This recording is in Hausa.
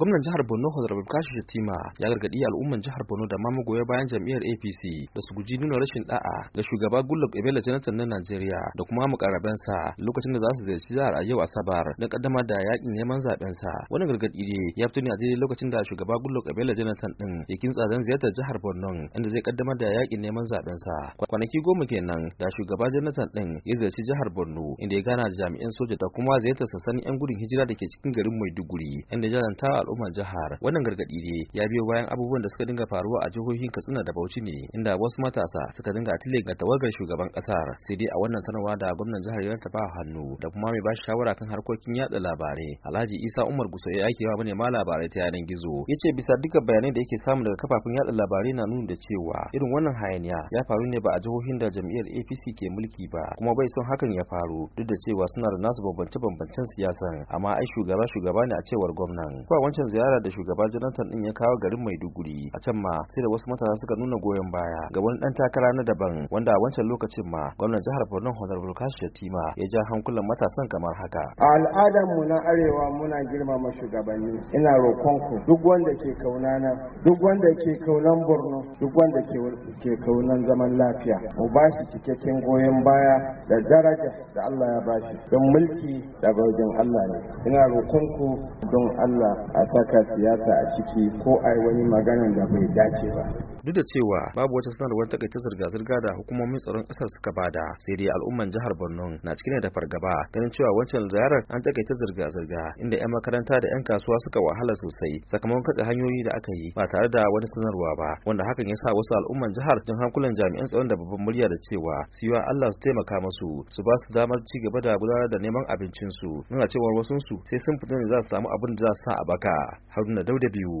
gwamnan jihar borno honorable kashi Tima ya gargadi al'umman jihar borno da mamu magoya bayan jam'iyyar apc da su guji nuna rashin da'a ga shugaba goodluck ebele jonathan na najeriya da kuma mukarabansa lokacin da za su ziyarci jihar a yau asabar na kaddama da yakin neman zaɓen sa wani gargadi ne ya fito ne a daidai lokacin da shugaba goodluck ebele jonathan din ya kintsa zan ziyartar jihar borno inda zai kaddama da yakin neman zaɓen sa kwanaki goma kenan da shugaba jonathan din ya ziyarci jihar borno inda ya gana da jami'an soja da kuma ziyartar sassanin yan gudun hijira da ke cikin garin maiduguri inda jajanta al'ummar jihar wannan gargadi ne ya biyo bayan abubuwan da suka dinga faruwa a jihohin katsina da bauchi ne inda wasu matasa suka dinga atile ga tawagar shugaban kasar sai dai a wannan sanarwa da gwamnan jihar ya tafa hannu da kuma mai bashi shawara kan harkokin yada labarai alhaji isa umar guso ya aike wa manema labarai ta yanar gizo ya ce bisa duka bayanai da yake samu daga kafafen yada labarai na nuna da cewa irin wannan hayaniya ya faru ne ba a jihohin da jam'iyyar apc ke mulki ba kuma bai son hakan ya faru duk da cewa suna da nasu bambance-bambancen siyasa amma ai shugaba shugaba ne a cewar gwamnan wancan ziyara da shugaba Jonathan din ya kawo garin Maiduguri a can ma sai da wasu matasa suka nuna goyon baya ga wani dan takara na daban wanda a wancan lokacin ma gwamnan jihar Borno Honorable Kashi Tima ya ja hankulan matasan kamar haka. A al'adar mu na arewa muna girmama shugabanni ina roƙon ku duk wanda ke kaunana duk wanda ke kaunan Borno duk wanda ke kaunan zaman lafiya mu ba shi cikakken goyon baya da daraja da Allah ya ba shi don mulki da wajen Allah ne ina roƙon ku don Allah a saka siyasa a ciki ko a yi wani magana da bai dace ba duk da cewa babu wata sanarwar takaita zirga-zirga da hukumomin tsaron kasar suka bada sai dai al'umman jihar Borno na cikin da fargaba ganin cewa wancan ziyarar an takaita zirga-zirga inda 'yan makaranta da 'yan kasuwa suka wahala sosai sakamakon kada hanyoyi da aka yi ba tare da wani sanarwa ba wanda hakan ya sa wasu al'umman jihar tun hankulan jami'an tsaron da babban murya da cewa siwa Allah su taimaka musu su ba su damar ci gaba da gudanar da neman abincin su nuna cewa wasunsu sai sun fita ne za su samu abin da za su sa a baka Haruna Dauda biyu